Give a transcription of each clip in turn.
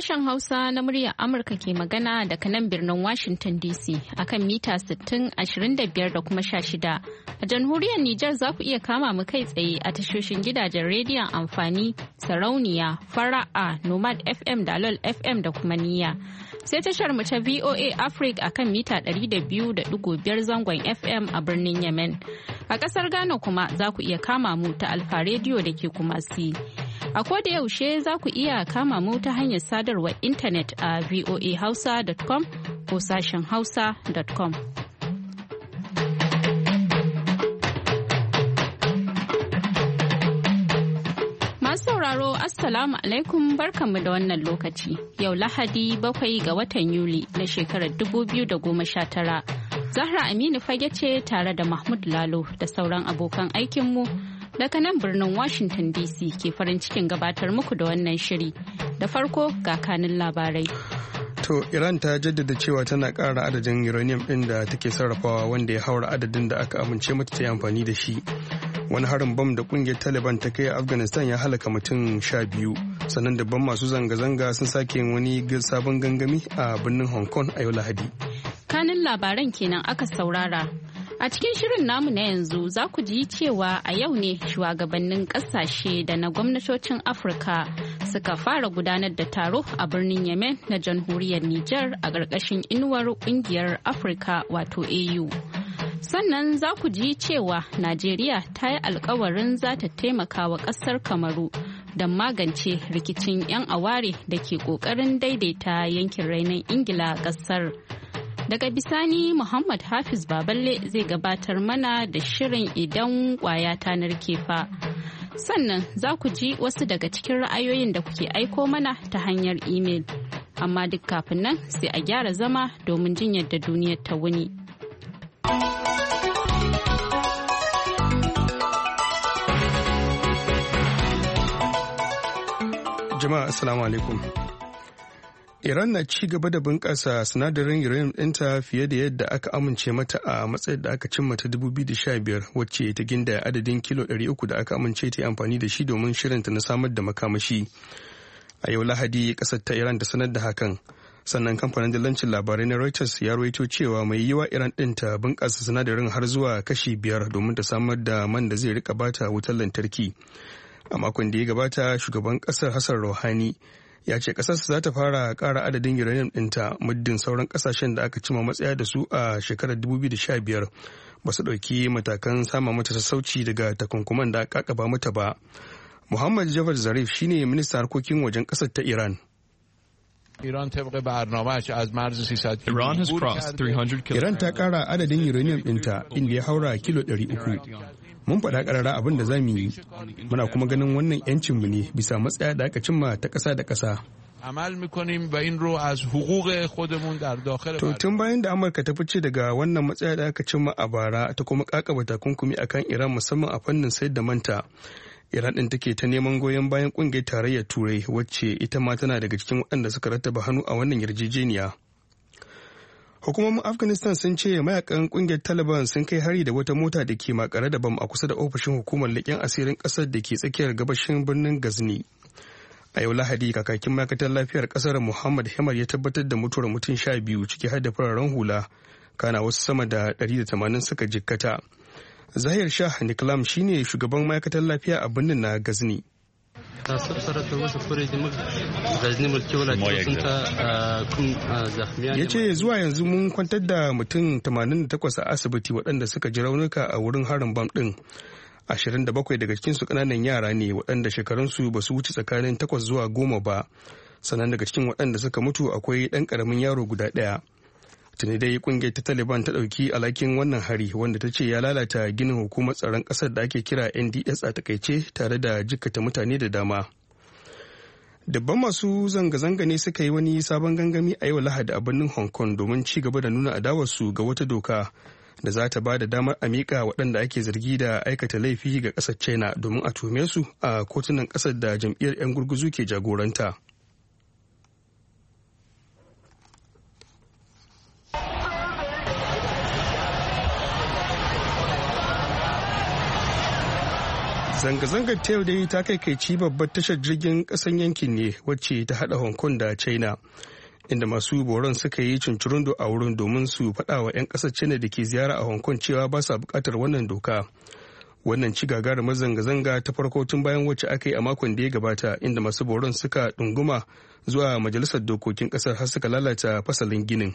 Sashen Hausa na muryar Amurka ke magana daga nan birnin Washington DC akan mita 60, 25 da kuma 16. A jamhuriyar Nijar za ku iya kama mu kai tsaye a tashoshin gidajen rediyon amfani, sarauniya, fara'a, Nomad FM da Lol FM da kuma niyya. Sai tashar mu ta VOA Africa akan mita 200.5 zangon FM a birnin Yemen. A ƙasar Ghana kuma za ku iya kama mu ta Alfa Radio da ke Kumasi. A ko da yaushe za ku iya kama mu ta hanyar sadarwar intanet a voahausa.com ko sashen hausa.com. Masu sauraro Assalamu alaikum barkanmu da wannan lokaci. Yau Lahadi bakwai ga watan Yuli na shekarar 2019. Zahra Aminu fage ce tare da Mahmud Lalo da sauran abokan aikinmu daga nan birnin Washington DC ke farin cikin gabatar muku da wannan shiri. Da farko ga kanin labarai. To Iran ta jaddada cewa tana kara adadin uranium ɗin da take sarrafawa wanda ya haura adadin da aka amince mata ta yi amfani da shi. Wani harin bam da kungiyar Taliban ta kai a Afghanistan ya halaka mutum sha biyu. Sannan dabban masu zanga-zanga sun sake wani sabon gangami a birnin Hong Kong a yau Lahadi. Kanin labaran kenan aka saurara. A cikin shirin namu na yanzu za ku ji cewa a yau ne shugabannin kasashe da na gwamnatocin Afirka suka fara gudanar da taro a birnin Yemen na jamhuriyar Nijar a ƙarƙashin inuwar ƙungiyar Afirka wato AU. Sannan za ku ji cewa Najeriya ta yi alkawarin za ta taimaka wa ƙasar Kamaru don magance rikicin 'yan aware da ke ƙoƙarin daidaita yankin rainon Ingila ƙasar. Daga bisani Muhammad Hafiz Baballe zai gabatar mana da shirin idan kwaya ta narke fa. Sannan za ku ji wasu daga cikin ra'ayoyin da kuke aiko mana ta hanyar imel. Amma duk kafin nan sai a gyara zama domin jin yadda duniyar ta wuni. Jama'a Assalamu alaikum. Iran na ci gaba da bunƙasa sinadarin uranium ɗinta fiye da yadda aka amince mata a matsayin da aka cimma ta 2015 wacce ta ginda adadin kilo 300 da aka amince ta yi amfani da shi domin shirinta na samar da makamashi. A yau Lahadi ƙasar ta Iran da sanar da hakan. Sannan kamfanin dillancin labarai na Reuters ya rawaito cewa mai yiwa Iran ɗin ta bunƙasa sinadarin har zuwa kashi biyar domin ta samar da man da zai rika bata wutar lantarki. a makon da ya gabata shugaban ƙasar hassan rouhani ya ce ƙasarsa za ta fara ƙara adadin uranium ɗinta muddin sauran ƙasashen da aka cima matsaya da su a shekarar 2015 ba su ɗauki matakan sama mata sassauci daga takunkuman da aka ba mata ba. Muhammad Javad Zarif shine ministan harkokin wajen ƙasar ta Iran. Iran ta kara adadin uranium ɗinta inda ya haura kilo 300. Mun faɗa ƙarara abin da za mu yi, muna kuma ganin wannan yancin mu ne bisa matsaya da aka cimma ta ƙasa da ƙasa. To tun bayan da Amurka ta fice daga wannan matsaya da aka cimma a bara ta kuma kakaba takunkumi akan Iran musamman a fannin sayar da manta. iran ɗin take ta neman goyon bayan ƙungiyar tarayyar turai wacce ita ma tana daga cikin waɗanda suka rattaba hannu a wannan yarjejeniya hukumomin afghanistan sun ce mayakan ƙungiyar taliban sun kai hari da wata mota da ke makare da bam a kusa da ofishin hukumar leƙen asirin ƙasar da ke tsakiyar gabashin birnin gazni a yau lahadi kakakin ma'aikatar lafiyar ƙasar muhammad hemar ya tabbatar da mutuwar mutum sha biyu ciki har da fararen hula kana wasu sama da 180 suka jikkata zahir shah niklam shine shugaban ma'aikatar lafiya a birnin na gazni ya ce zuwa yanzu mun kwantar da mutum 88 a asibiti waɗanda suka ji raunuka a wurin harin bam ɗin 27 daga cikinsu ƙananan yara ne waɗanda shekarunsu ba su wuce tsakanin 8 zuwa 10 ba sannan daga cikin waɗanda suka mutu akwai ɗan ƙaramin yaro guda ɗaya tuni dai kungiyar ta taliban ta ɗauki alhakin wannan hari wanda ta ce ya lalata ginin hukumar tsaron kasar da ake kira nds a takaice tare da jikkata mutane da dama dabban masu zanga-zanga ne suka yi wani sabon gangami a yau lahadi a birnin hong kong domin ci gaba da nuna adawarsu ga wata doka da za ta ba da damar a miƙa waɗanda ake zargi da aikata laifi ga ƙasar china domin a tuhume su a kotunan ƙasar da jam'iyyar 'yan gurguzu ke jagoranta. Zanga-zangar ta yau dai ta kai kai ci babbar tashar jirgin kasan yankin ne wacce ta hada Hong Kong da China. Inda masu boron suka yi cincirindo a wurin domin su fada wa 'yan ƙasar China da ke ziyara a Hong Kong cewa ba sa bukatar wannan doka. Wannan ci gagarumar mazanga zanga ta farko tun bayan wacce aka yi a makon da ya gabata inda masu boron suka ɗunguma zuwa majalisar dokokin kasar har suka lalata fasalin ginin.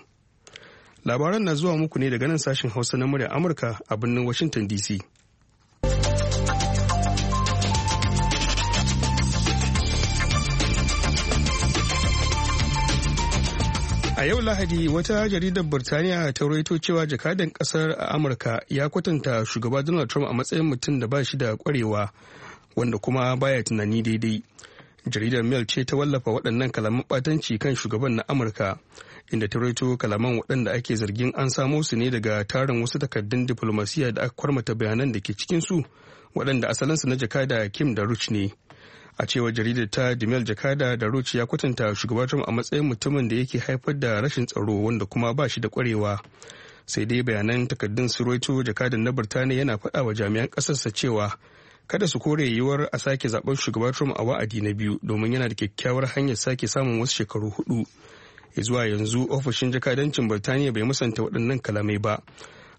Labaran na zuwa muku ne daga nan sashen Hausa na murya Amurka a birnin Washington DC. A yau Lahadi wata jaridar Birtaniya ta raito cewa jakadan kasar a Amurka ya kwatanta shugaba Donald Trump a matsayin mutum da ba shi da kwarewa wanda kuma baya tunani daidai. Jaridar Mail ce ta wallafa waɗannan kalaman ɓatanci kan shugaban na Amurka inda ta raito kalaman waɗanda ake zargin an samo su ne daga tarin wasu takardun diflomasiyya da aka kwarmata bayanan da ke cikin su waɗanda asalinsu na jakada Kim da Ruch ne. a cewar jaridar ta demel jakada da roci ya kwatanta shugaba a matsayin mutumin da yake haifar da rashin tsaro wanda kuma ba shi da kwarewa sai dai bayanan takardun suroito jakadan na birtaniya yana faɗa wa jami'an ƙasarsa cewa kada su kore yiwuwar a sake zaben shugaban trump a wa'adi na biyu domin yana da kyakkyawar hanyar sake samun wasu shekaru hudu zuwa yanzu ofishin jakadancin birtaniya bai musanta waɗannan kalamai ba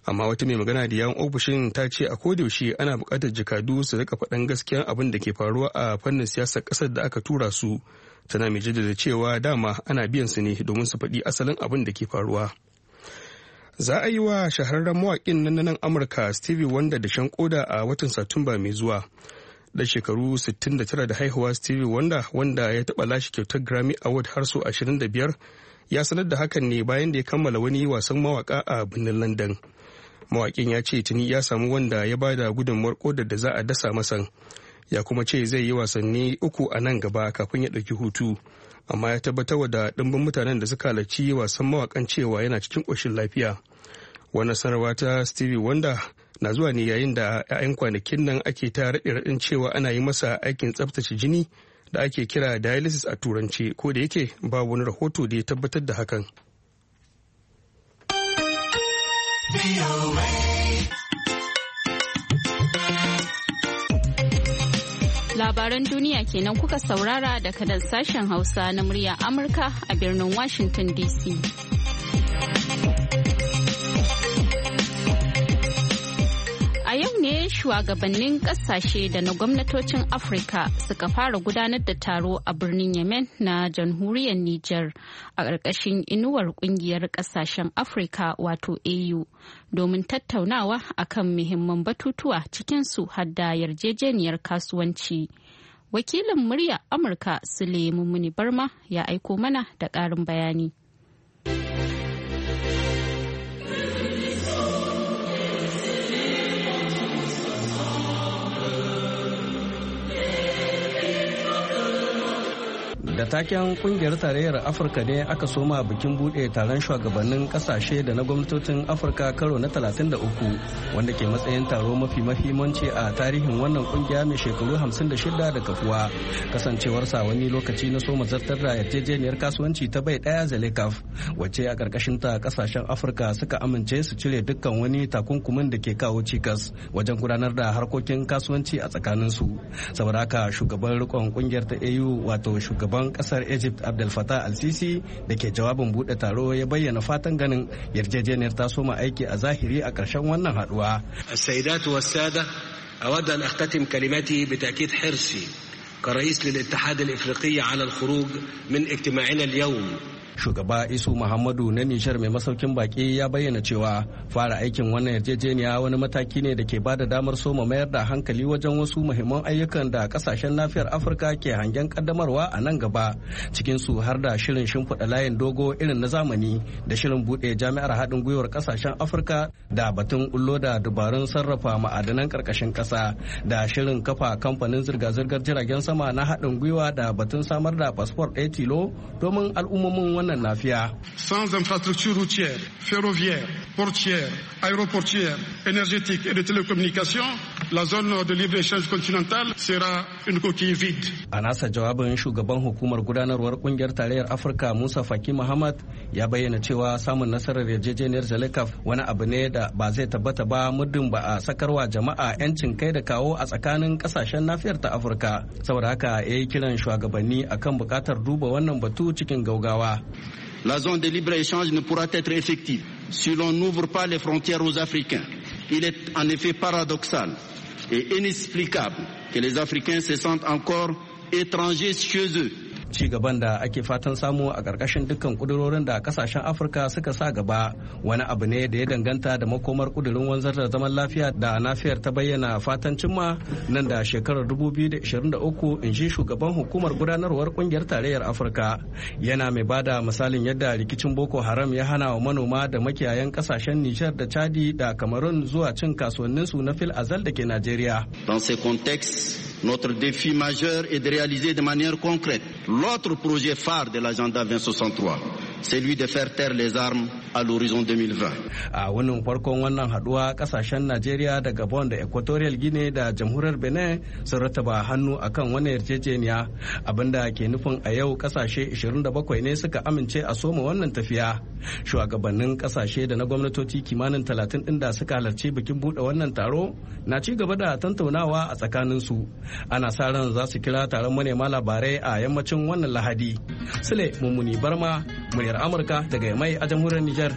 amma wata mai magana da yawon ofishin ta ce a kodayaushe ana bukatar jakadu su rika faɗan gaskiyar abin da ke faruwa a fannin siyasar ƙasar da aka tura su tana mai jaddada cewa dama ana biyan su ne domin su faɗi asalin abin da ke faruwa za a yi wa shahararren mawaƙin nan nan amurka stevie wanda da shan koda a watan satumba mai zuwa da shekaru 69 da haihuwa stevie wanda wanda ya taɓa lashe kyautar grammy award har da 25 ya sanar da hakan ne bayan da ya kammala wani wasan mawaka a birnin london mawakin ya ce tuni ya samu wanda ya ba da gudunmuwar kodar da za a dasa masan ya kuma ce zai yi wasanni uku a nan gaba kafin ya ɗauki hutu amma ya tabbatar da ɗimbin mutanen da suka halarci wasan mawakan cewa yana cikin ƙoshin lafiya wannan sanarwa ta stevie wanda na zuwa ne yayin da 'ya'yan kwanakin nan ake ta raɗe raɗin cewa ana yi masa aikin tsaftace jini da ake kira dialysis a turanci ko da yake babu wani rahoto da ya tabbatar da hakan Labaran duniya kenan kuka saurara daga sashen Hausa na murya Amurka a birnin Washington DC. sai shugabannin kasashe da na gwamnatocin Afirka suka fara gudanar da taro a birnin Yemen na jamhuriyar Niger a ƙarƙashin inuwar ƙungiyar ƙasashen Afirka wato AU domin tattaunawa akan muhimman batutuwa cikinsu hadda yarjejeniyar kasuwanci. Wakilin murya Amurka Suleiman Muni Barma ya aiko mana da ƙarin bayani. taken kungiyar tarayyar afirka ne aka soma bikin bude taron shugabannin kasashe da na gwamnatocin afirka karo na 33 wanda ke matsayin taro mafi mahimmanci a tarihin wannan kungiya mai shekaru 56 da kafuwa kasancewarsa wani lokaci na soma zartar da yarjejeniyar kasuwanci ta bai daya zelekaf wacce a karkashin ta kasashen afirka suka amince su cire dukkan wani takunkumin da ke kawo cikas wajen gudanar da harkokin kasuwanci a tsakaninsu saboda haka shugaban rikon kungiyar ta au wato shugaban kasar egypt abdel fattah al-sisi da ke jawabin bude taro ya bayyana fatan ganin yarjejeniyar ta soma aiki a zahiri a ƙarshen wannan haduwa أود أن أختتم كلمتي بتأكيد حرصي كرئيس للاتحاد الإفريقي على الخروج من اجتماعنا اليوم shugaba isu muhammadu na nishar mai masaukin baki ya bayyana cewa fara aikin wannan yarjejeniya wani mataki ne da ke ba da damar soma mayar da hankali wajen wasu muhimman ayyukan da kasashen nafiyar afirka ke hangen kaddamarwa a nan gaba cikin su har da shirin shimfiɗa layin dogo irin na zamani da shirin buɗe jami'ar haɗin gwiwar kasashen afirka da batun ullo da dubarun sarrafa ma'adanan ƙarƙashin ƙasa da shirin kafa kamfanin zirga-zirgar jiragen sama na haɗin gwiwa da batun samar da fasfor ɗaya tilo domin al'ummomin Sans infrastructures routière, ferroviaire, portière, aéroportières, énergétique et de télécommunications, la zone de libre-échange continentale sera une coquille vide. A nasa jawabin shugaban hukumar gudanarwar kungiyar tarayyar Afirka Musa Faki Muhammad ya bayyana cewa samun nasarar yarjejeniyar Jalekaf wani abu ne da ba zai tabbata ba muddin ba a sakarwa jama'a 'yancin kai da kawo a tsakanin kasashen nafiyar ta Afirka. Saboda haka ya yi kiran shugabanni akan bukatar duba wannan batu cikin gaugawa. La zone de libre-échange ne pourra être effective si l'on n'ouvre pas les frontières aux Africains. Il est en effet paradoxal et inexplicable que les Africains se sentent encore étrangers chez eux ci gaban da ake fatan samu a karkashin dukkan ƙudurorin da kasashen afirka suka sa gaba wani abu ne da ya danganta da makomar ƙudurin wanzar da zaman lafiya da nafiyar ta bayyana fatan cimma nan da shekarar 2023 in ji shugaban hukumar gudanarwar ƙungiyar tarayyar afirka yana mai bada misalin yadda rikicin boko haram ya hana wa manoma da makiyayan kasashen nijar da chadi da kamarun zuwa cin kasuwannin su na fil azal da ke najeriya Dans ce contexte, notre défi majeur est de réaliser de Autre projet phare de l'agenda 2063 celui de faire taire les armes à l'horizon 2020. A wannan farkon wannan haduwa kasashen Najeriya da Gabon da Equatorial Guinea da Jamhuriyar Benin sun rataba hannu akan wani yarjejeniya abinda ke nufin a yau kasashe 27 ne suka amince a soma wannan tafiya. Shugabannin kasashe da na gwamnatoci kimanin 30 din da suka halarci bikin bude wannan taro na ci gaba da tantaunawa a tsakanin su. Ana sa ran za su kira taron manema labarai a yammacin wannan Lahadi. Sule Mummuni Barma muryar amurka daga mai a jamhuriyar niger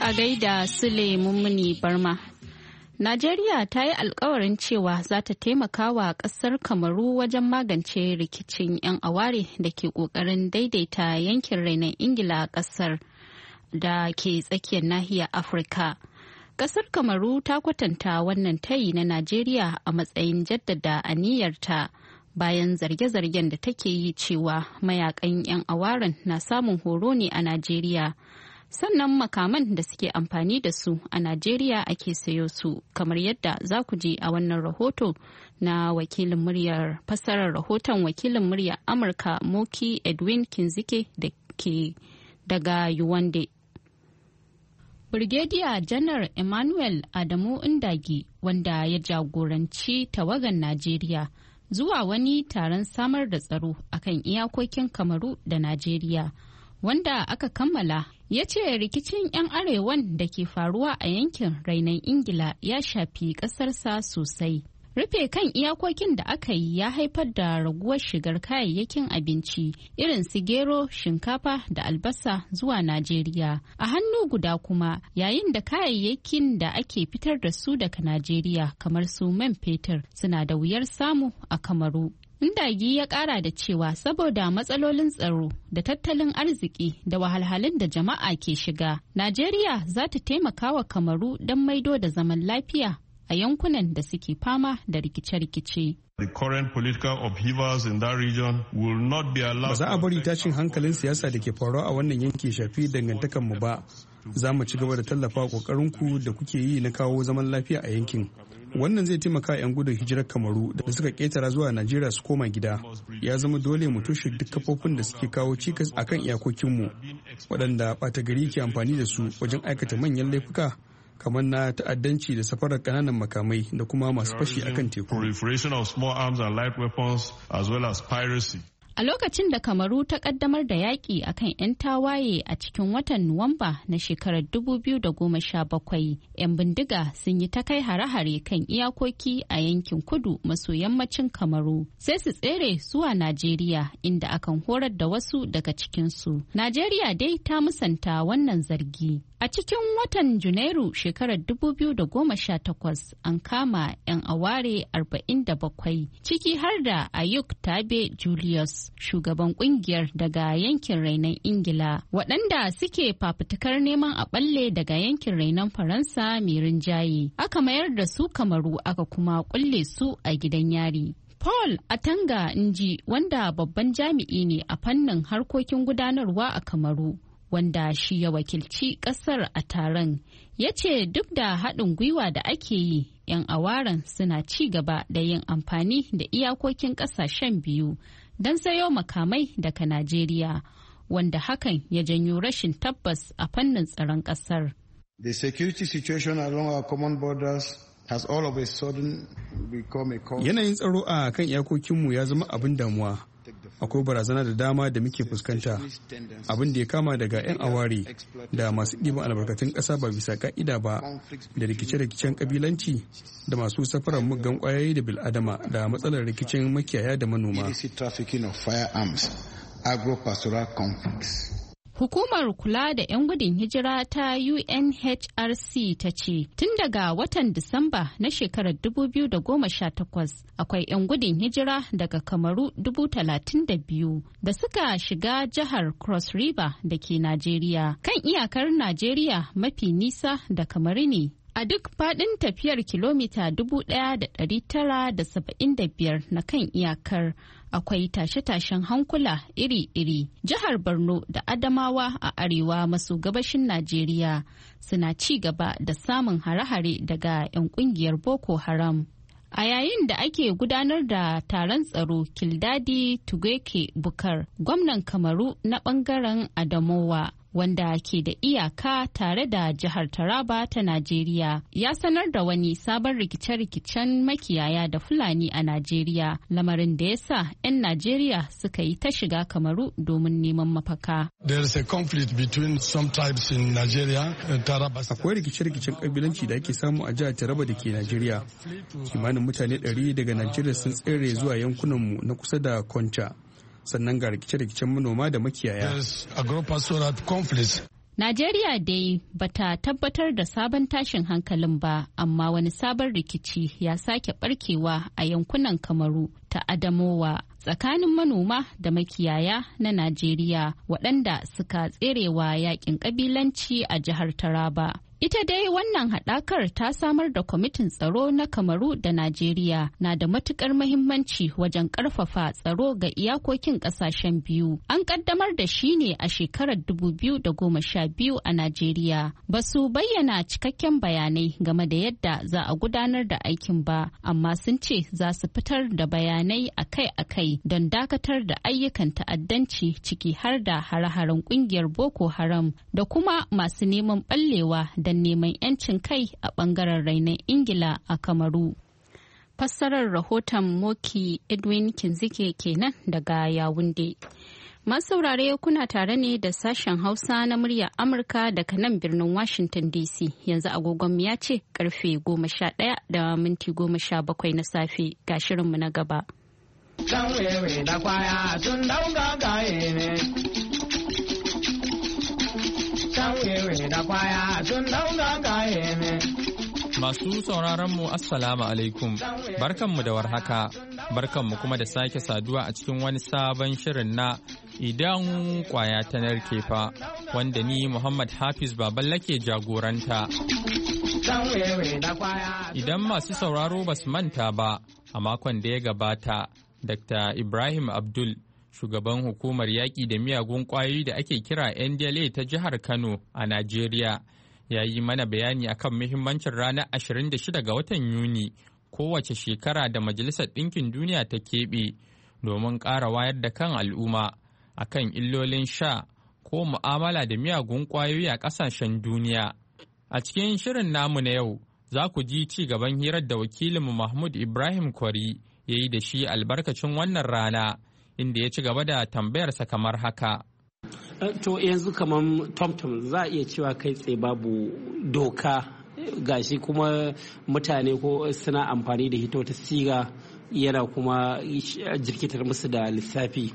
a gaida sule mummuni barma Najeriya ta yi alkawarin cewa za ta taimaka wa kasar Kamaru wajen magance rikicin 'yan aware da ke ƙoƙarin daidaita yankin rainon Ingila a ƙasar da ke tsakiyar nahiyar Afirka. Kasar Kamaru ta kwatanta wannan tayi na Najeriya a matsayin jaddada aniyarta bayan zarge-zargen da take yi cewa mayakan 'yan awaran na samun horo ne a Najeriya. Sannan makaman da suke amfani da su a Najeriya ake sayo su kamar yadda za ku ji a wannan rahoto na wakilin muryar fasarar rahoton wakilin muryar Amurka Moki Edwin Kinzike da ke daga Yuwande. Brigadier Janar Emmanuel Adamu Indagi wanda ya jagoranci tawagan Najeriya zuwa wani taron samar da tsaro akan iyakokin Kamaru da Najeriya wanda aka kammala ya ce rikicin 'yan arewan da ke faruwa a yankin rainan Ingila ya shafi ƙasarsa sosai. rufe kan iyakokin da aka yi ya haifar da raguwar shigar kayayyakin abinci irin su gero shinkafa da albasa zuwa najeriya a hannu guda kuma yayin da kayayyakin da ake fitar da su daga najeriya kamar su man fetur suna da wuyar samu a kamaru Ndagi ya kara da cewa saboda matsalolin tsaro da tattalin arziki da wahalhalun da jama'a ke shiga, Najeriya za ta taimaka wa Kamaru don maido da zaman lafiya a yankunan da suke fama da rikice-rikice. Ba za a bari tashin hankalin siyasa da ke faruwa a wannan yanki shafi dangantakanmu ba. Za mu ci gaba da tallafa kokarin ku da kuke yi na kawo zaman lafiya a yankin. Wannan zai taimaka 'yan gudun hijirar Kamaru da suka ketara zuwa Najeriya su koma gida. Ya zama dole mu toshe duk kafofin da suke kawo cikas akan iyakokinmu, waɗanda ɓata gari ke amfani da su wajen aikata manyan laifuka. kamar na ta'addanci da safarar kananan makamai da kuma masu fashi akan teku. A lokacin da Kamaru ta kaddamar da yaƙi a kan 'yan tawaye a cikin watan Nuwamba na shekarar 2017, 'yan bindiga sun yi ta kai hare-hare kan iyakoki a yankin kudu maso yammacin Kamaru. Sai su tsere zuwa Najeriya inda akan horar da wasu daga cikinsu. Najeriya dai ta musanta wannan zargi. A cikin watan Junairu shekarar 2018 an kama 'yan aware 47 ciki har da Ayuk Tabe Julius shugaban kungiyar daga yankin rainon Ingila waɗanda suke fafutukar neman a ɓalle daga yankin rainon Faransa mai rinjaye aka mayar da su kamaru aka kuma kulle su a gidan yari. Paul Atanga Nji wanda babban jami'i ne a fannin harkokin gudanarwa a Kamaru wanda shi ya wakilci kasar a taron ya ce duk da haɗin gwiwa da ake yi 'yan awaren suna ci gaba da yin amfani da iyakokin ƙasashen biyu don sayo makamai daga najeriya wanda hakan ya janyo rashin tabbas a fannin tsaron ƙasar the security situation along our common borders has all of a sudden become a yanayin tsaro a kan iyakokinmu ya zama abin damuwa akwai barazana da dama da muke fuskanta abin da ya kama daga 'yan aware da masu ɗiban albarkatun ƙasa ba bisa ka'ida ba da rikice-rikicen ƙabilanci da masu safarar muggan ƙwayoyi da bil'adama da matsalar rikicin makiyaya da manoma. agropastoral conflicts Hukumar kula da 'yan gudun hijira ta UNHRC ta ce tun daga watan Disamba na shekarar 2018 akwai 'yan gudun hijira daga Kamaru 32,000 da suka shiga jihar Cross River da ke Najeriya kan iyakar Najeriya mafi nisa da Kamaru ne. A duk faɗin tafiyar kilomita 1,975 na kan iyakar. akwai tashe-tashen hankula iri-iri. Jihar Borno da Adamawa a arewa maso gabashin Najeriya suna ci gaba da samun hare-hare daga 'yan kungiyar Boko Haram. A yayin da ake gudanar da taron tsaro Kildadi tugweke Bukar, gwamnan Kamaru na bangaren Adamowa wanda ke da iyaka tare da jihar Taraba ta Najeriya ya sanar da wani sabon rikice-rikicen makiyaya da Fulani a Najeriya lamarin da ya sa 'yan Najeriya suka yi ta shiga kamaru domin neman mafaka. Akwai rikice-rikicen kabilanci da ake samu a jihar Taraba da ke Najeriya. Kimanin mutane 100 daga Najeriya sun tsere zuwa yankunanmu na kusa da konca sannan ga rikice-rikicen manoma da makiyaya. Najeriya dai bata tabbatar da sabon tashin hankalin ba, amma wani sabon rikici ya sake barkewa a yankunan Kamaru ta Adamowa tsakanin manoma da makiyaya na Najeriya waɗanda suka tserewa yakin ƙabilanci a jihar Taraba. Ita dai wannan haɗakar ta samar da kwamitin tsaro na Kamaru da Najeriya na da matukar mahimmanci wajen ƙarfafa tsaro ga iyakokin ƙasashen biyu. An ƙaddamar da shi ne a shekarar 2012 a Najeriya. Ba su bayyana cikakken bayanai game da yadda za a gudanar da aikin ba, amma sun ce za su fitar da bayanai akai-akai don dakatar da ayyukan ta'addanci ciki har da hare-haren ƙungiyar Boko Haram da kuma masu neman ɓallewa da don neman 'yancin kai a bangaren rainon ingila a kamaru fassarar rahoton moki edwin kinzike kenan daga yawunde saurare kuna tare ne da sashen hausa na murya amurka daga nan birnin washington dc yanzu agogon ya ce karfe 11 da minti 17 na safe ga shirinmu na gaba. da kwaya sun Masu sauraronmu Assalamu alaikum, barkanmu da warhaka, barkanmu kuma da sake saduwa a cikin wani sabon shirin na idan kwaya ta narke fa wanda ni Muhammad Hafiz Baballa ke jagoranta. Idan masu sauraro ba su manta ba, a makon da ya gabata, Dr. Ibrahim Abdul shugaban hukumar yaƙi da miyagun ƙwayoyi da ake kira ndla ta jihar kano a najeriya ya yi mana bayani akan muhimmancin ranar 26 ga watan yuni kowace shekara da majalisar ɗinkin duniya ta keɓe domin ƙara wayar da kan al'umma akan illolin sha ko mu'amala da miyagun ƙwayoyi a ƙasashen duniya a cikin shirin namu na yau za ku ji ci gaban hirar da wakilinmu mahmud ibrahim kwari ya yi da shi albarkacin wannan rana inda ya ci gaba da tambayarsa kamar haka. Eh, to yanzu kamar tomtom za a iya cewa kai tsaye babu doka gashi kuma mutane ko suna amfani da hito ta siga yana kuma jirkitar musu da lissafi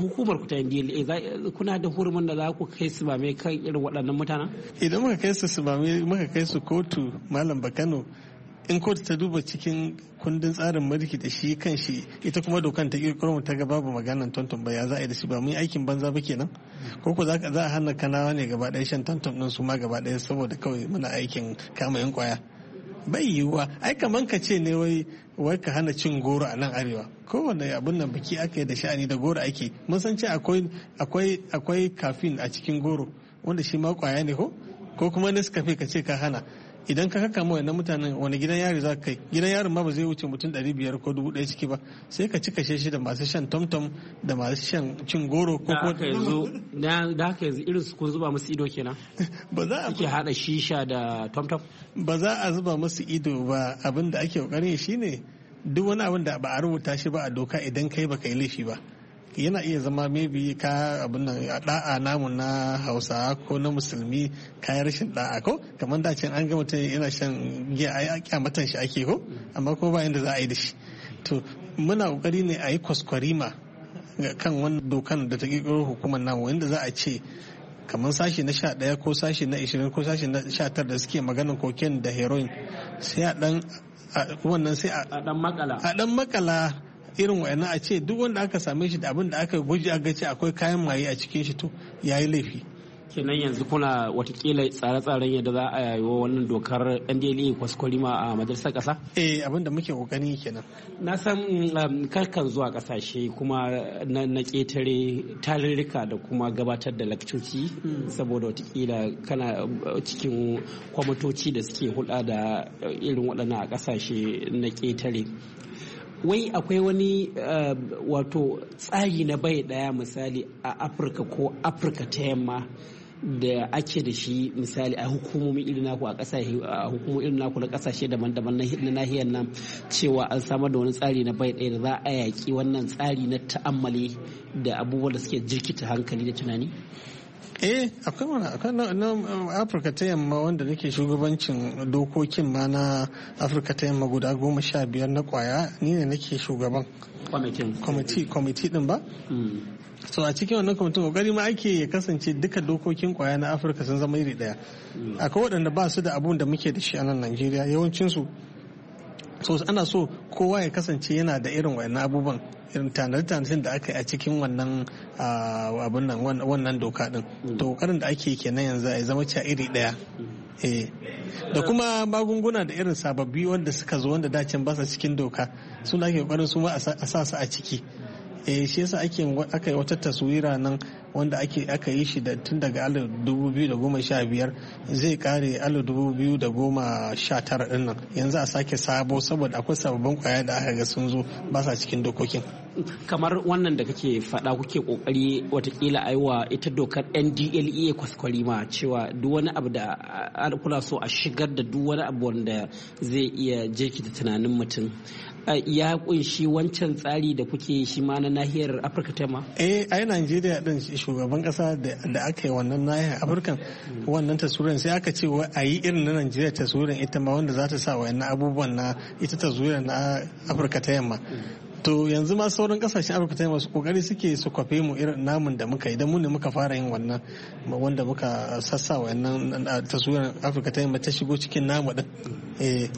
hukumar ku ta ndla eh, kuna da hurumin da za ku kai su mai kan irin waɗannan mutanen idan muka kai su su mai muka kai su kotu malam bakano in kotu ta duba cikin kundin tsarin mulki da shi kan shi ita kuma dokan ta kirkiro ta ga babu maganan tantan ba ya za a yi da shi ba mun aikin banza ba kenan ko ko za a hana kanawa ne gaba ɗaya shan tantan din su ma gaba ɗaya saboda kawai muna aikin kama yan kwaya bai yiwuwa ai kaman ka ce ne wai wai ka hana cin goro a nan arewa kowane abin nan biki aka yi da sha'ani da goro ake mun san ce akwai akwai akwai kafin a cikin goro wanda shi ma kwaya ne ko ko kuma nescafe ka ce ka hana idan ka kaka mawa na mutanen wani gidan yari za ka kai gidan yarin ma ba zai wuce mutum ɗari biyar ko dubu ɗaya ciki ba sai ka cika shi da masu shan tomtom da masu shan cin goro ko ko da yanzu da haka yanzu irin su kun zuba musu ido kenan ba za a ke hada shisha da tomtom ba za a zuba musu ido ba abin da ake kokarin shine duk wani abin da ba a rubuta shi ba a doka idan kai baka yi laifi ba yana iya zama maybe ka abin nan da'a namu na hausa ko na musulmi kayan rashin da'a ko kamar da an ga mutum yana shan giya a kyamatan shi ake ko amma ko ba yadda za a yi da shi to muna kokari ne a yi kwaskwarima kan wannan dokan da ta kirkiro hukumar namu inda za a ce kamar sashi na sha ɗaya ko sashi na ishirin ko sashi na sha tara da suke maganin koken da heroin sai a dan wannan sai a dan makala a dan makala irin wa'annan a ce duk wanda aka same shi da abin da aka gwaji a ce akwai kayan maye a cikin shi to ya yi laifi kenan yanzu kuna watakila tsare-tsaren yadda za a yayo wannan dokar ndla e kwaskwarima a majalisar kasa eh abin da muke kokari kenan na san um, karkan zuwa kasashe kuma na ketare talirika da kuma gabatar da lakcoci hmm. saboda watakila kana uh, cikin kwamitoci da suke hulɗa da uh, irin waɗannan a kasashe na ketare wai akwai wani eh, wato tsari na bai daya misali a afirka ko afirka ta yamma da ake da shi misali a hukumomi irin naku a kasashe a hukumomi irin naku na kasashe daban-daban na nahiyar nan cewa an samar da wani tsari na bai ɗaya da za a yaki wannan tsari na ta'ammali da abubuwan da suke jirkita hankali da tunani eh akwai mana akwai na afirka ta yamma wanda nake shugabancin dokokin ma na afirka ta yamma guda goma sha biyar na kwaya ni ne nake shugaban kwamiti kwamiti din ba mm. so a cikin wannan kwamitin kokari ma ake ya kasance duka dokokin kwaya na afirka sun zama iri daya mm. akwai waɗanda ba su da abun da muke da shi a nan najeriya yawancinsu so ana so kowa ya kasance yana da irin wani abubuwan irin tanade-tanaden da aka yi a cikin wannan abin nan wannan doka din mm. to kokarin da ake kenan yanzu a zama cewa iri daya mm. eh. da kuma magunguna da irin sababbi wanda suka zo wanda dacin basa cikin doka suna ke kokarin su a sa su a ciki eh, shi yasa ake aka yi wata taswira nan wanda ake aka yi shi tun daga alif dubu biyu da goma sha biyar zai kare alif dubu biyu da goma sha tara nan yanzu a sake sabo saboda akwai sababbin kwaya da aka ga sun zo ba sa cikin dokokin kamar wannan da kake faɗa kuke kokari watakila aiwa ita dokar ndlea kwaskwari ma cewa duk wani abu da kuna so a shigar da duk wani abu wanda zai iya da tunanin mutum ya kunshi wancan tsari da kuke shi ma na nahiyar afirka ta ma eh ai najeriya din shugaban kasa da aka yi wannan nahiyar afirka wannan taswiran sai aka ce wa a yi irin na najeriya taswiran ita ma wanda za ta sa wayannan abubuwan na ita taswiran na afirka ta yamma to yanzu ma sauran kasashen afirka ta masu kokari suke su kwafe mu irin namun da muka idan mu ne muka fara yin wannan wanda muka sassa wannan taswirar afirka ta yamma ta shigo cikin namu din eh.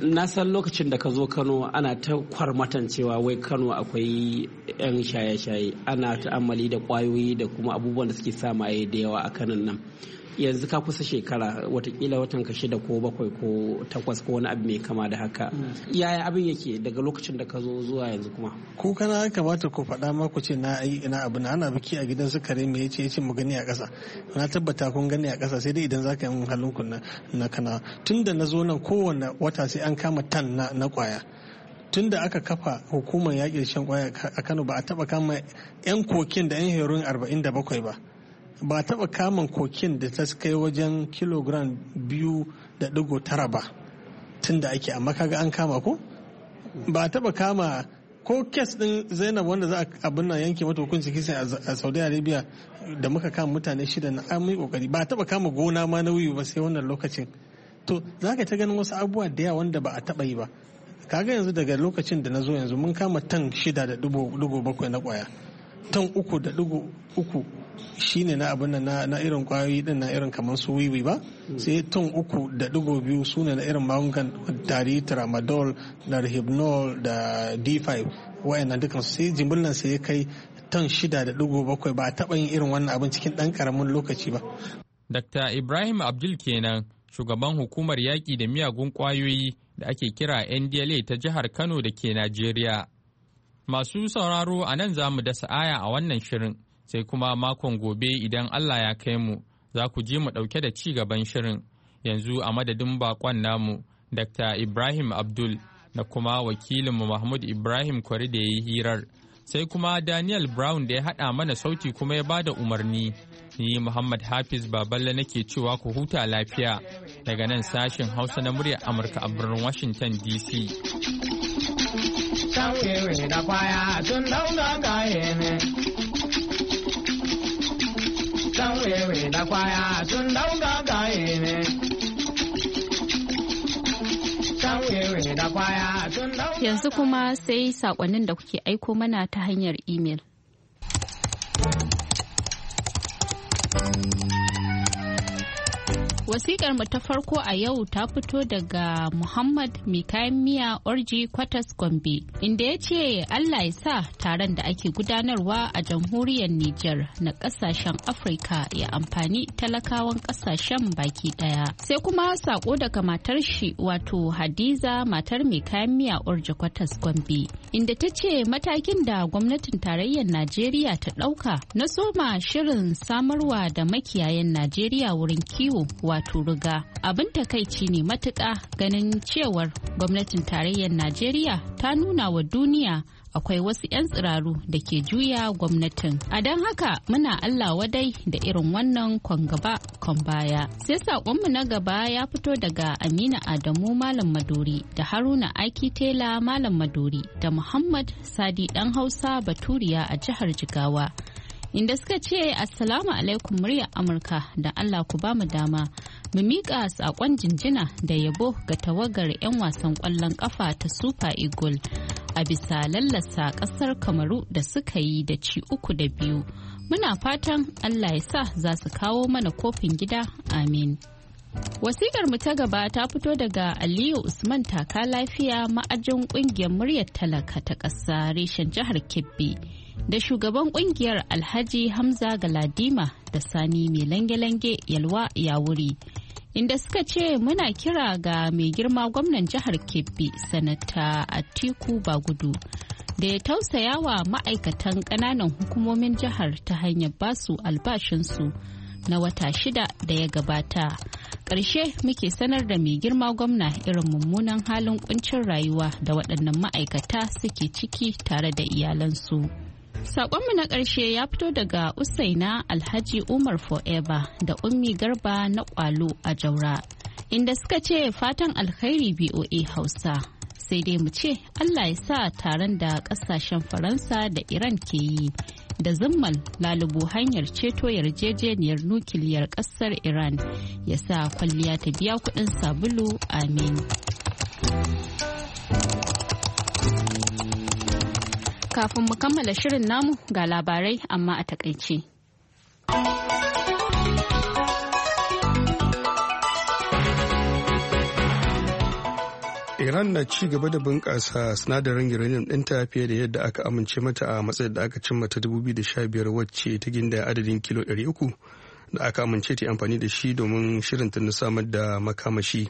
na san lokacin da ka zo kano ana ta kwarmatan cewa wai kano akwai 'yan shaye-shaye ana ta'ammali da kwayoyi da kuma abubuwan da suke sa maye da yawa a kanan nan yanzu ka kusa shekara watakila watan ka shida ko bakwai ko takwas ko wani abu mai kama da haka yaya abin yake daga lokacin da ka zo zuwa yanzu kuma ku kana ya kamata ku faɗa ma ku ce na yi ina abu na ana biki a gidan su kare me yace yace mu gani a ƙasa na tabbata kun gani a ƙasa sai dai idan zaka yi mun halin ku na kana tunda na zo nan kowanne wata sai an kama tan na kwaya tun da aka kafa hukumar yaƙin shan kwaya a kano ba a taba kama 'yan kokin da 'yan herun 47 ba ba taba kamun kokin da ta kai wajen kilogram biyu da ɗigo tara ba tun da ake amma kaga an kama ko ba taɓa kama ko kes din zainab wanda za a abin yanke mata hukunci kisa a saudi arabia da muka kama mutane shida na an kokari ba taba kama gona ma nauyi ba sai wannan lokacin to za ka ta ganin wasu abubuwa da yawa wanda ba a taɓa yi ba kaga yanzu daga lokacin da na zo yanzu mun kama tan shida da dubu bakwai na kwaya tan uku da ɗigo uku shine na abin na na irin kwayoyi din na irin kamar su wiwi ba sai tun uku da digo biyu su ne na irin magungan tari tramadol da rehabnol da d5 wayannan dukkan sai jimillan sai ya kai tan shida da digo bakwai ba a taɓa yin irin wannan abin cikin ɗan ƙaramin lokaci ba. Dr. Ibrahim Abdul kenan shugaban hukumar yaƙi da miyagun ƙwayoyi da ake kira NDLA ta jihar Kano da ke Najeriya. Masu sauraro a nan za mu dasa aya a wannan shirin sai kuma makon gobe idan Allah ya kai mu za ku ji mu ɗauke da ci gaban shirin yanzu a madadin bakon namu Dr. Ibrahim Abdul da kuma wakilinmu Mahmud Ibrahim Kwari da ya yi hirar. sai kuma Daniel Brown da ya haɗa mana sauti kuma ya bada umarni. Ni Muhammad Hafiz Baballe nake cewa ku huta lafiya daga nan sashen Hausa na muryar Amurka a birnin Washington DC. da kwaya tun Yanzu kuma sai saƙonin da kuke aiko mana ta hanyar imel. Wasikar mu ta farko a yau ta fito daga Muhammad Mikaimiya Orji Kwatas Gombe, inda ya ce Allah ya sa taron da ake gudanarwa a jamhuriyar niger na kasashen Afirka ya amfani talakawan kasashen baki daya. Sai kuma sako daga matar shi wato Hadiza matar Mikaimiya Orji Kwatas Gombe, inda ta ce matakin da gwamnatin tarayyar Najeriya ta ɗauka na soma shirin samarwa da makiyayan Najeriya wurin kiwo wato riga abin takaici ne matuƙa ganin cewar gwamnatin tarayyar najeriya ta nuna wa duniya akwai wasu 'yan tsiraru da ke juya gwamnatin. A don haka muna Allah wadai da irin wannan kwangaba baya. Sai saƙonmu na gaba ya fito daga Amina Adamu Malam Maduri da Haruna Aki Tela Malam Maduri da Muhammad Sadi ɗan Hausa Baturiya a jihar Jigawa. inda suka ce assalamu alaikum murya amurka da allah ku ba mu dama mu miƙa saƙon jinjina da yabo ga tawagar 'yan wasan ƙwallon ƙafa ta super eagle a bisa lallasa ƙasar kamaru da suka yi da ci uku da biyu muna fatan allah ya sa za su kawo mana kofin gida amin Wasikar mu ta gaba ta fito daga Aliyu Usman Taka Lafiya ma'ajin kungiyar muryar talaka ta ƙasa reshen jihar Kebbi da shugaban kungiyar Alhaji Hamza Galadima da Sani mai lange-lange yalwa ya wuri. Inda suka ce muna kira ga mai girma gwamnan jihar Kebbi sanata Atiku Bagudu da ya tausaya wa ma'aikatan ƙananan hukumomin jihar ta hanyar basu albashinsu. na wata shida da ya gabata. Ƙarshe muke sanar da mai girma gwamna irin mummunan halin kuncin rayuwa da waɗannan ma'aikata suke ciki tare da iyalansu. Saƙonmu na ƙarshe ya fito daga Usaina Alhaji Umar Forever da Ummi Garba na ƙwalo a Jaura, inda suka ce fatan alkhairi BOA Hausa. Sai dai mu ce Allah ya sa taron da ƙasashen Faransa da Iran ke yi da zimmal lalubu hanyar ceto yarjejeniyar nukiliyar kasar iran ya sa kwalliya ta biya kudin sabulu amin kafin mu kammala shirin namu ga labarai amma a takaice. iran na ci gaba da bunƙasa sinadarin uranium ɗinta fiye da yadda aka amince mata a matsayin da aka cimma ta 2015 wacce ta ginda adadin kilo 300 da aka amince ta amfani da shi domin shirin ta na samar da makamashi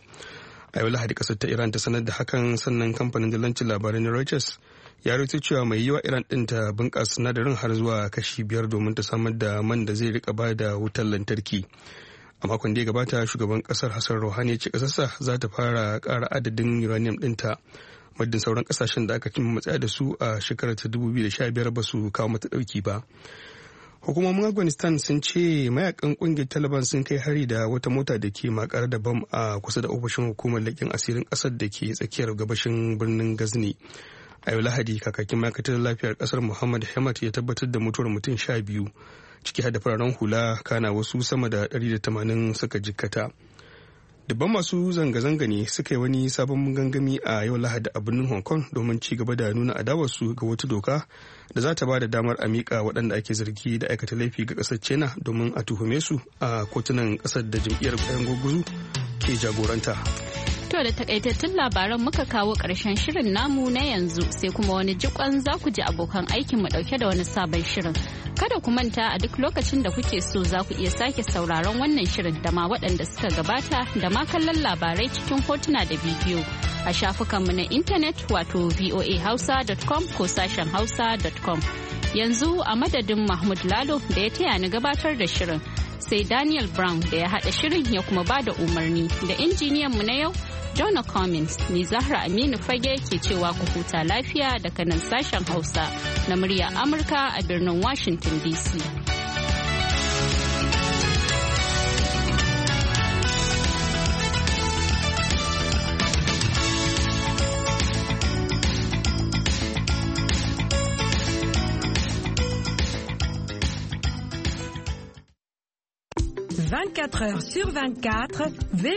a yau lahadi kasar ta iran ta sanar da hakan sannan kamfanin dalancin labarai na reuters ya rute cewa mai yiwa iran din ta bunƙasa sinadarin har zuwa kashi biyar domin ta samar da man da zai rika ba da wutar lantarki a makon da ya gabata shugaban kasar hassan rohani ya ce kasarsa za ta fara kara adadin uranium dinta muddin sauran kasashen da aka cimma matsaya da su a shekarar ta 2015 ba su kawo mata ɗauki ba hukumomin afghanistan sun ce mayakan kungiyar taliban sun kai hari da wata mota da ke makar da bam a kusa da ofishin hukumar laƙin asirin ƙasar da ke tsakiyar gabashin birnin gazni a yau lahadi kakakin ma'aikatar lafiyar ƙasar muhammad hamad ya tabbatar da mutuwar mutum sha biyu ciki har da fararen hula kana wasu sama da 180 suka jikkata dubban masu zanga-zanga ne suka yi wani sabon gangami a yau lahadi a birnin hong kong domin ci gaba da nuna adawarsu ga wata doka da za ta ba da damar a miƙa waɗanda ake zargi da aikata laifi ga ƙasar china domin a tuhume su a kotunan ƙasar da jam'iyyar kayan gurguzu ke jagoranta To da takaitattun labaran muka kawo ƙarshen shirin namu na yanzu sai kuma wani jikon za ku ji abokan aikin mu ɗauke da wani sabon shirin. Kada ku manta a duk lokacin da kuke so za ku iya sake sauraron wannan shirin da ma waɗanda suka gabata da ma kallon labarai cikin hotuna da bidiyo a shafukanmu na intanet wato voahausa.com ko sashen hausa.com. Yanzu a madadin Mahmud Lalo da ya taya ni gabatar da shirin. sai Daniel Brown da ya haɗa shirin ya kuma ba da umarni da injiniyanmu na yau Jonah Cummins ni Zahra Aminu Fage ke cewa ku huta lafiya daga nan sashen Hausa na murya Amurka a birnin Washington DC. Zan heures sur 24, VO.